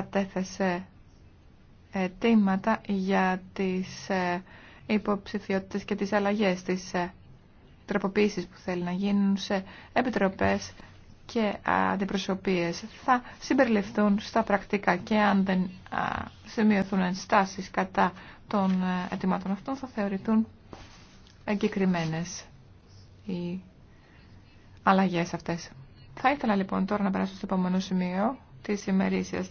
κατέθεσε αιτήματα για τις ε, υποψηφιότητες και τις αλλαγές, τις ε, τροποποίησεις που θέλει να γίνουν σε επιτροπές και αντιπροσωπείες θα συμπεριληφθούν στα πρακτικά και αν δεν σημειωθούν ενστάσεις κατά των ε, αιτήματων αυτών θα θεωρηθούν εγκεκριμένες οι αλλαγές αυτές. Θα ήθελα λοιπόν τώρα να περάσω στο επόμενο σημείο της ημερήσιας